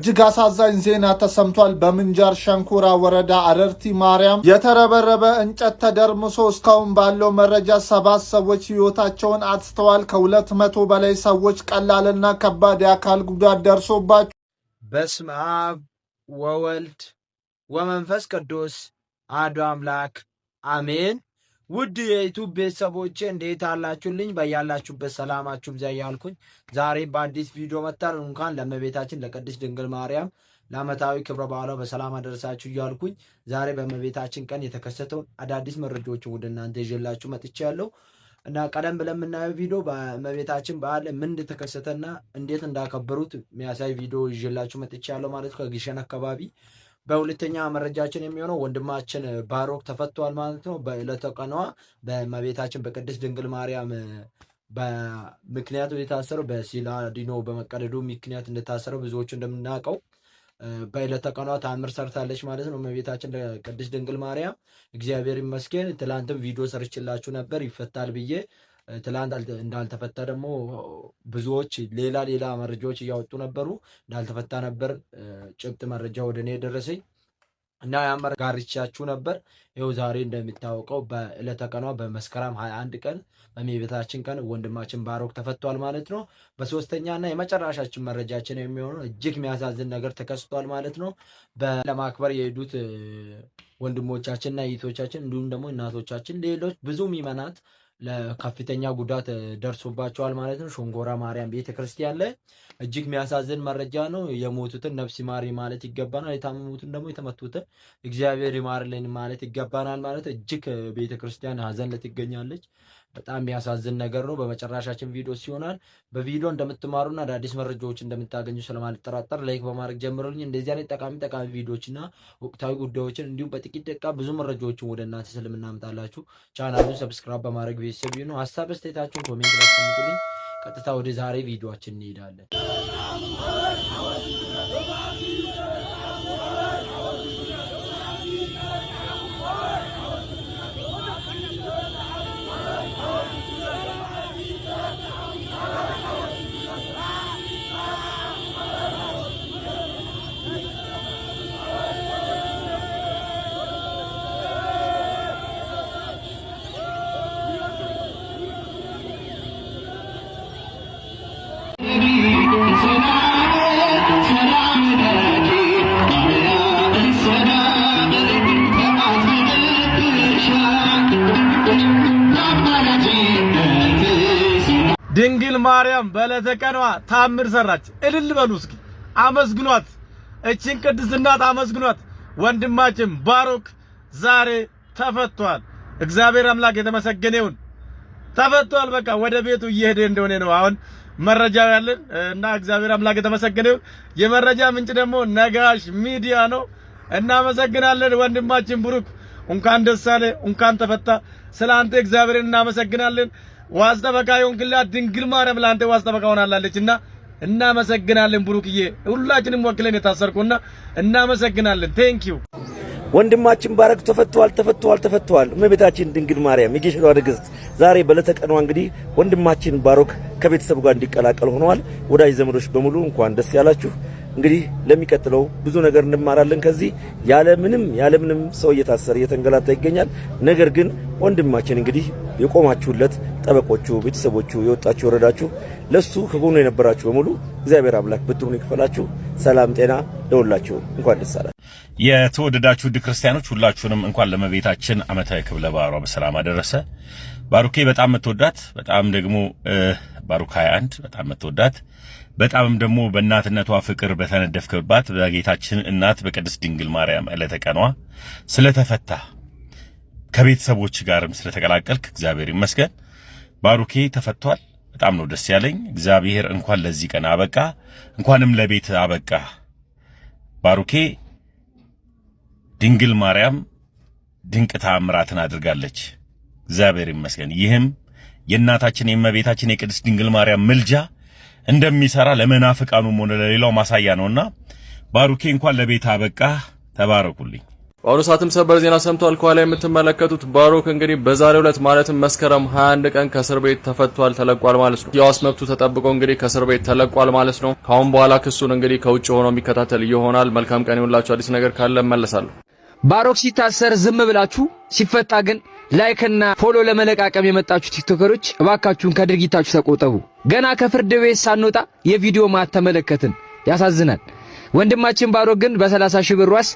እጅግ አሳዛኝ ዜና ተሰምቷል። በምንጃር ሸንኮራ ወረዳ አረርቲ ማርያም የተረበረበ እንጨት ተደርምሶ እስካሁን ባለው መረጃ ሰባት ሰዎች ሕይወታቸውን አጥተዋል። ከሁለት መቶ በላይ ሰዎች ቀላልና ከባድ የአካል ጉዳት ደርሶባቸው። በስመ አብ ወወልድ ወመንፈስ ቅዱስ አሐዱ አምላክ አሜን። ውድ የዩቱብ ቤተሰቦቼ እንዴት አላችሁልኝ? በያላችሁበት ሰላማችሁ ብዛ እያልኩኝ ዛሬም በአዲስ ቪዲዮ መጥተናል። እንኳን ለእመቤታችን ለቅድስት ድንግል ማርያም ለዓመታዊ ክብረ በዓሏ በሰላም አደረሳችሁ እያልኩኝ ዛሬ በእመቤታችን ቀን የተከሰተውን አዳዲስ መረጃዎችን ወደ እናንተ ይዤላችሁ መጥቻለሁ እና ቀደም ብለን የምናየው ቪዲዮ በእመቤታችን በዓል ምን እንደተከሰተና እንዴት እንዳከበሩት የሚያሳይ ቪዲዮ ይዤላችሁ መጥቻለሁ ማለት ከግሸን አካባቢ በሁለተኛ መረጃችን የሚሆነው ወንድማችን ባሮክ ተፈቷል ማለት ነው። በዕለተ ቀኗ በመቤታችን በቅድስት ድንግል ማርያም በምክንያቱ የታሰረው በሲላዲኖ በመቀደዱ ምክንያት እንደታሰረው ብዙዎቹ እንደምናውቀው በዕለተ ቀኗ ታምር ሰርታለች ማለት ነው። መቤታችን ቅድስት ድንግል ማርያም እግዚአብሔር ይመስገን። ትላንትም ቪዲዮ ሰርችላችሁ ነበር ይፈታል ብዬ ትላንት እንዳልተፈታ ደግሞ ብዙዎች ሌላ ሌላ መረጃዎች እያወጡ ነበሩ። እንዳልተፈታ ነበር ጭብጥ መረጃ ወደ እኔ የደረሰኝ እና ያመር ጋርቻችሁ ነበር። ይኸው ዛሬ እንደሚታወቀው በዕለተ ቀኗ በመስከረም 21 ቀን በእመቤታችን ቀን ወንድማችን ባሮክ ተፈቷል ማለት ነው። በሶስተኛ እና የመጨረሻችን መረጃችን የሚሆነው እጅግ የሚያሳዝን ነገር ተከስቷል ማለት ነው። ለማክበር የሄዱት ወንድሞቻችን ወንድሞቻችንና እህቶቻችን እንዲሁም ደግሞ እናቶቻችን፣ ሌሎች ብዙ ሚመናት ለከፍተኛ ጉዳት ደርሶባቸዋል ማለት ነው። ሾንጎራ ማርያም ቤተክርስቲያን ላይ እጅግ የሚያሳዝን መረጃ ነው። የሞቱትን ነፍስ ይማር ማለት ይገባናል። የታመሙትን ደግሞ የተመቱትን እግዚአብሔር ይማርልን ማለት ይገባናል። ማለት እጅግ ቤተክርስቲያን ሀዘን ላይ ትገኛለች። በጣም የሚያሳዝን ነገር ነው። በመጨረሻችን ቪዲዮ ሲሆናል። በቪዲዮ እንደምትማሩና አዳዲስ መረጃዎች እንደምታገኙ ስለማልጠራጠር ላይክ በማድረግ ጀምሩልኝ። እንደዚህ አይነት ጠቃሚ ጠቃሚ ቪዲዮዎችና ወቅታዊ ጉዳዮችን እንዲሁም በጥቂት ደቂቃ ብዙ መረጃዎችን ወደ እናንተ ስለምናምጣላችሁ ቻናሉን ሰብስክራይብ በማድረግ ቤተሰብ ይሁኑ። ሀሳብ አስተያየታችሁን ኮሜንት ላይ ቀጥታ ወደ ዛሬ ቪዲዮችን እንሄዳለን። ድንግል ማርያም በዕለተ ቀኗ ታምር ሰራች። እልል በሉ እስኪ አመስግኗት፣ እችን ቅድስት እናት አመስግኗት። ወንድማችን ባሮክ ዛሬ ተፈቷል። እግዚአብሔር አምላክ የተመሰገነ ይሁን። ተፈቷል። በቃ ወደ ቤቱ እየሄደ እንደሆነ ነው አሁን መረጃው ያለን እና እግዚአብሔር አምላክ የተመሰገነ ይሁን። የመረጃ ምንጭ ደግሞ ነጋሽ ሚዲያ ነው። እናመሰግናለን ወንድማችን ብሩክ፣ እንኳን ደስ አለ፣ እንኳን ተፈታ። ስለ አንተ እግዚአብሔርን እናመሰግናለን። ዋስ ጠበቃ ድንግል ማርያም ለአንተ ዋስ ጠበቃ አላለችና እና እናመሰግናለን። ብሩክዬ ሁላችንም ወክለን የታሰርኩና እናመሰግናለን። ቴንክ ወንድማችን ባረክ ተፈቷል፣ ተፈቷል፣ ተፈቷል። እመቤታችን ድንግል ማርያም የጌሽሯ ንግሥት ዛሬ በለተቀኗ እንግዲህ ወንድማችን ባሮክ ከቤተሰቡ ጋር እንዲቀላቀል ሆነዋል። ወዳጅ ዘመዶች በሙሉ እንኳን ደስ ያላችሁ። እንግዲህ ለሚቀጥለው ብዙ ነገር እንማራለን ከዚህ ያለምንም ያለምንም ሰው እየታሰረ እየተንገላታ ይገኛል። ነገር ግን ወንድማችን እንግዲህ የቆማችሁለት ጠበቆቹ፣ ቤተሰቦቹ፣ የወጣችሁ የወረዳችሁ፣ ለሱ ከጎኑ የነበራችሁ በሙሉ እግዚአብሔር አምላክ ብድሩን ይክፈላችሁ። ሰላም ጤና ለሁላችሁ። እንኳን ደስ አላችሁ። የተወደዳችሁ ውድ ክርስቲያኖች ሁላችሁንም እንኳን ለመቤታችን ዓመታዊ ክብረ በዓሏ በሰላም አደረሰ። ባሩኬ በጣም የምትወዳት በጣም ደግሞ ባሩክ 21 በጣም የምትወዳት በጣምም ደግሞ በእናትነቷ ፍቅር በተነደፍክባት በጌታችን እናት በቅድስት ድንግል ማርያም ዕለተ ቀኗ ስለተፈታ ከቤተሰቦች ጋርም ስለተቀላቀልክ እግዚአብሔር ይመስገን። ባሩኬ ተፈቷል። በጣም ነው ደስ ያለኝ። እግዚአብሔር እንኳን ለዚህ ቀን አበቃ፣ እንኳንም ለቤት አበቃ። ባሩኬ ድንግል ማርያም ድንቅ ተአምራትን አድርጋለች። እግዚአብሔር ይመስገን። ይህም የእናታችን የእመቤታችን የቅድስት ድንግል ማርያም ምልጃ እንደሚሰራ ለመናፍቃኑም ሆነ ለሌላው ማሳያ ነውና ባሩኬ እንኳን ለቤት አበቃ። ተባረኩልኝ። በአሁኑ ሰዓትም ሰበር ዜና ሰምቷል። ከኋላ የምትመለከቱት ባሩክ እንግዲህ በዛሬው ዕለት ማለትም መስከረም 21 ቀን ከእስር ቤት ተፈቷል፣ ተለቋል ማለት ነው። የዋስ መብቱ ተጠብቆ እንግዲህ ከእስር ቤት ተለቋል ማለት ነው። ከአሁን በኋላ ክሱን እንግዲህ ከውጭ ሆኖ የሚከታተል ይሆናል። መልካም ቀን ይሁንላችሁ። አዲስ ነገር ካለ እመለሳለሁ። ባሩክ ሲታሰር ዝም ብላችሁ ሲፈታ ግን ላይክና ፎሎ ለመለቃቀም የመጣችሁ ቲክቶከሮች እባካችሁን ከድርጊታችሁ ተቆጠቡ። ገና ከፍርድ ቤት ሳንወጣ የቪዲዮ ማት ተመለከትን። ያሳዝናል። ወንድማችን ባሮ ግን በ30 ሺህ ብር ዋስ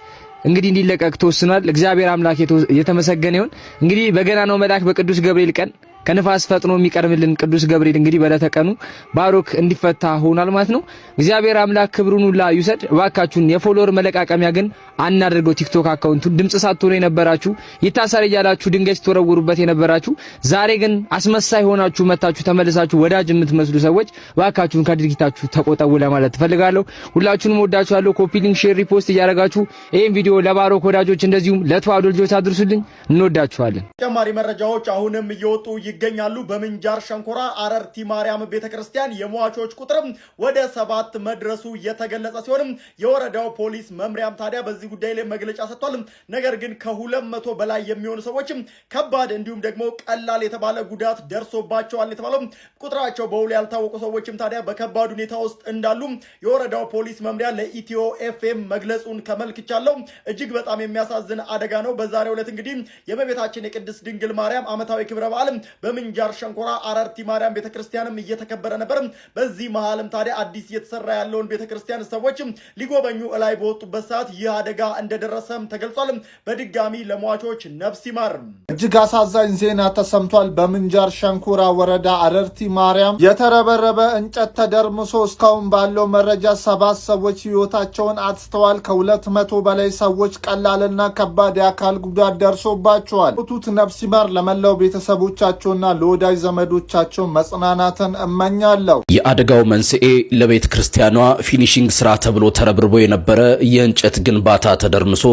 እንግዲህ እንዲለቀቅ ተወስኗል። እግዚአብሔር አምላክ የተመሰገነ ይሁን። እንግዲህ በገና ነው መልአክ በቅዱስ ገብርኤል ቀን ከንፋስ ፈጥኖ የሚቀርብልን ቅዱስ ገብርኤል እንግዲህ በዕለተ ቀኑ ባሮክ እንዲፈታ ሆኗል ማለት ነው። እግዚአብሔር አምላክ ክብሩን ሁላ ይውሰድ። እባካችሁን የፎሎወር መለቃቀሚያ ግን አናደርገው። ቲክቶክ አካውንቱ ድምጽ ሳትሆኑ የነበራችሁ ይታሰር እያላችሁ ድንጋይ ስትወረውሩበት የነበራችሁ ዛሬ ግን አስመሳይ ሆናችሁ መታችሁ ተመልሳችሁ ወዳጅ የምትመስሉ ሰዎች እባካችሁን ከድርጊታችሁ ተቆጠቡ ለማለት ትፈልጋለሁ። ሁላችሁንም ወዳችኋለሁ። ኮፒ ሊንክ፣ ሼር፣ ሪፖስት እያደረጋችሁ ይህን ቪዲዮ ለባሮክ ወዳጆች እንደዚሁም ለተዋሕዶ ልጆች አድርሱልኝ። እንወዳችኋለን። ተጨማሪ መረጃዎች አሁንም እየወጡ ይገኛሉ። በምንጃር ሸንኮራ አረርቲ ማርያም ቤተክርስቲያን የሟቾች ቁጥርም ወደ ሰባት መድረሱ የተገለጸ ሲሆንም የወረዳው ፖሊስ መምሪያም ታዲያ በዚህ ጉዳይ ላይ መግለጫ ሰጥቷል። ነገር ግን ከሁለት መቶ በላይ የሚሆኑ ሰዎችም ከባድ እንዲሁም ደግሞ ቀላል የተባለ ጉዳት ደርሶባቸዋል የተባለው ቁጥራቸው በውል ያልታወቁ ሰዎችም ታዲያ በከባድ ሁኔታ ውስጥ እንዳሉ የወረዳው ፖሊስ መምሪያ ለኢትዮ ኤፍኤም መግለጹን ተመልክቻለሁ። እጅግ በጣም የሚያሳዝን አደጋ ነው። በዛሬው ዕለት እንግዲህ የእመቤታችን የቅድስት ድንግል ማርያም ዓመታዊ ክብረ በዓል በምንጃር ሸንኮራ አረርቲ ማርያም ቤተክርስቲያንም እየተከበረ ነበር። በዚህ መሀልም ታዲያ አዲስ እየተሰራ ያለውን ቤተክርስቲያን ሰዎች ሊጎበኙ እላይ በወጡበት ሰዓት ይህ አደጋ እንደደረሰም ተገልጿል። በድጋሚ ለሟቾች ነፍስ ይማር። እጅግ አሳዛኝ ዜና ተሰምቷል። በምንጃር ሸንኮራ ወረዳ አረርቲ ማርያም የተረበረበ እንጨት ተደርምሶ እስካሁን ባለው መረጃ ሰባት ሰዎች ህይወታቸውን አጥተዋል። ከሁለት መቶ በላይ ሰዎች ቀላልና ከባድ የአካል ጉዳት ደርሶባቸዋል። ቱት ነፍስ ይማር ለመላው ቤተሰቦቻቸውን ለእነርሱና ለወዳጅ ዘመዶቻቸው መጽናናትን እመኛለሁ። የአደጋው መንስኤ ለቤተ ክርስቲያኗ ፊኒሽንግ ስራ ተብሎ ተረብርቦ የነበረ የእንጨት ግንባታ ተደርምሶ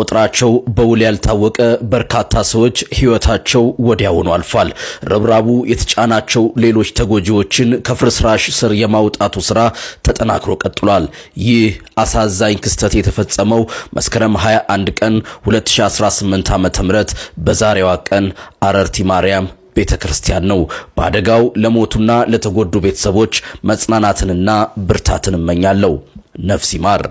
ቁጥራቸው በውል ያልታወቀ በርካታ ሰዎች ሕይወታቸው ወዲያውኑ አልፏል። ርብራቡ የተጫናቸው ሌሎች ተጎጂዎችን ከፍርስራሽ ስር የማውጣቱ ስራ ተጠናክሮ ቀጥሏል። ይህ አሳዛኝ ክስተት የተፈጸመው መስከረም 21 ቀን 2018 ዓ.ም በዛሬዋ ቀን አረርቲ ማርያም ቤተ ክርስቲያን ነው። በአደጋው ለሞቱና ለተጎዱ ቤተሰቦች መጽናናትንና ብርታትን እመኛለሁ። ነፍስ ይማር።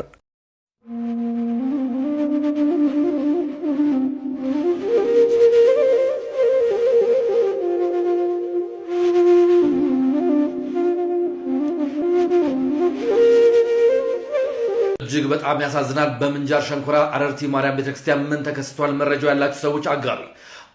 እጅግ በጣም ያሳዝናል። በምንጃር ሸንኮራ አረርቲ ማርያም ቤተክርስቲያን ምን ተከስቷል? መረጃው ያላችሁ ሰዎች አጋሩ?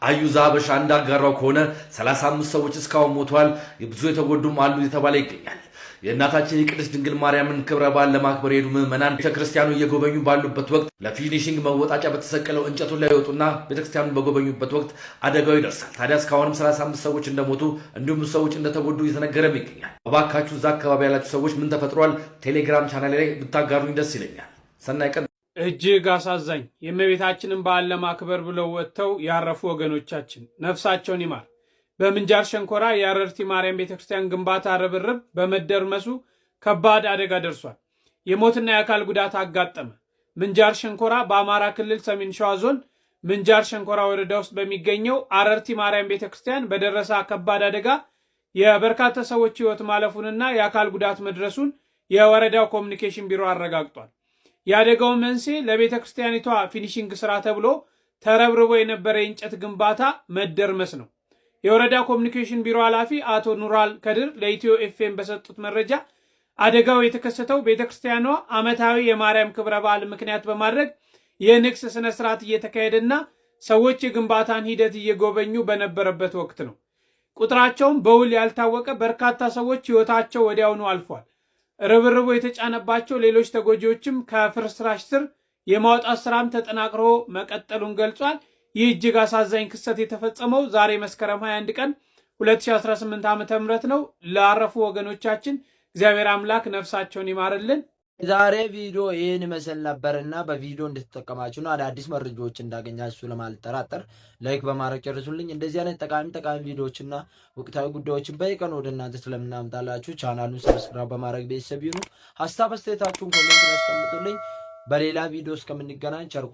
አዩዛ አበሻ እንዳጋራው ከሆነ 35 ሰዎች እስካሁን ሞተዋል፣ ብዙ የተጎዱም አሉ የተባለ ይገኛል። የእናታችን የቅድስት ድንግል ማርያምን ክብረ በዓል ለማክበር የሄዱ ምዕመናን ቤተክርስቲያኑ እየጎበኙ ባሉበት ወቅት ለፊኒሽንግ መወጣጫ በተሰቀለው እንጨቱ ላይ ይወጡና ቤተክርስቲያኑን በጎበኙበት ወቅት አደጋው ይደርሳል። ታዲያ እስካሁንም 35 ሰዎች እንደሞቱ እንዲሁም ሰዎች እንደተጎዱ እየተነገረም ይገኛል። እባካችሁ እዛ አካባቢ ያላችሁ ሰዎች ምን ተፈጥሯል? ቴሌግራም ቻናል ላይ ብታጋሩኝ ደስ ይለኛል። ሰናይ ቀን እጅግ አሳዛኝ የእመቤታችንን በዓል ለማክበር ብለው ወጥተው ያረፉ ወገኖቻችን ነፍሳቸውን ይማር። በምንጃር ሸንኮራ የአረርቲ ማርያም ቤተክርስቲያን ግንባታ ርብርብ በመደርመሱ ከባድ አደጋ ደርሷል። የሞትና የአካል ጉዳት አጋጠመ። ምንጃር ሸንኮራ በአማራ ክልል ሰሜን ሸዋ ዞን ምንጃር ሸንኮራ ወረዳ ውስጥ በሚገኘው አረርቲ ማርያም ቤተክርስቲያን በደረሰ ከባድ አደጋ የበርካታ ሰዎች ሕይወት ማለፉንና የአካል ጉዳት መድረሱን የወረዳው ኮሚኒኬሽን ቢሮ አረጋግጧል። የአደጋው መንስኤ ለቤተ ክርስቲያኒቷ ፊኒሽንግ ስራ ተብሎ ተረብርቦ የነበረ የእንጨት ግንባታ መደርመስ ነው። የወረዳ ኮሚኒኬሽን ቢሮ ኃላፊ አቶ ኑራል ከድር ለኢትዮ ኤፍኤም በሰጡት መረጃ አደጋው የተከሰተው ቤተ ክርስቲያኗ ዓመታዊ የማርያም ክብረ በዓል ምክንያት በማድረግ የንግስ ስነ ስርዓት እየተካሄደና ሰዎች የግንባታን ሂደት እየጎበኙ በነበረበት ወቅት ነው። ቁጥራቸውም በውል ያልታወቀ በርካታ ሰዎች ሕይወታቸው ወዲያውኑ አልፏል። ርብርቡ የተጫነባቸው ሌሎች ተጎጂዎችም ከፍርስራሽ ስር የማውጣት ስራም ተጠናክሮ መቀጠሉን ገልጿል። ይህ እጅግ አሳዛኝ ክስተት የተፈጸመው ዛሬ መስከረም 21 ቀን 2018 ዓ ም ነው። ላረፉ ወገኖቻችን እግዚአብሔር አምላክ ነፍሳቸውን ይማርልን። የዛሬ ቪዲዮ ይህን ይመስል ነበር እና በቪዲዮ እንድትጠቀማችሁ ነው አዳዲስ መረጃዎች እንዳገኛችሁ ለማልጠራጠር ላይክ በማድረግ ጨርሱልኝ። እንደዚህ አይነት ጠቃሚ ጠቃሚ ቪዲዮዎችና ወቅታዊ ጉዳዮችን በየቀኑ ወደ እናንተ ስለምናምጣላችሁ ቻናሉን ሰብስክራይብ በማድረግ ቤተሰብ ይሁኑ። ሀሳብ አስተያየታችሁን ኮሜንት ያስቀምጡልኝ። በሌላ ቪዲዮ እስከምንገናኝ ቸር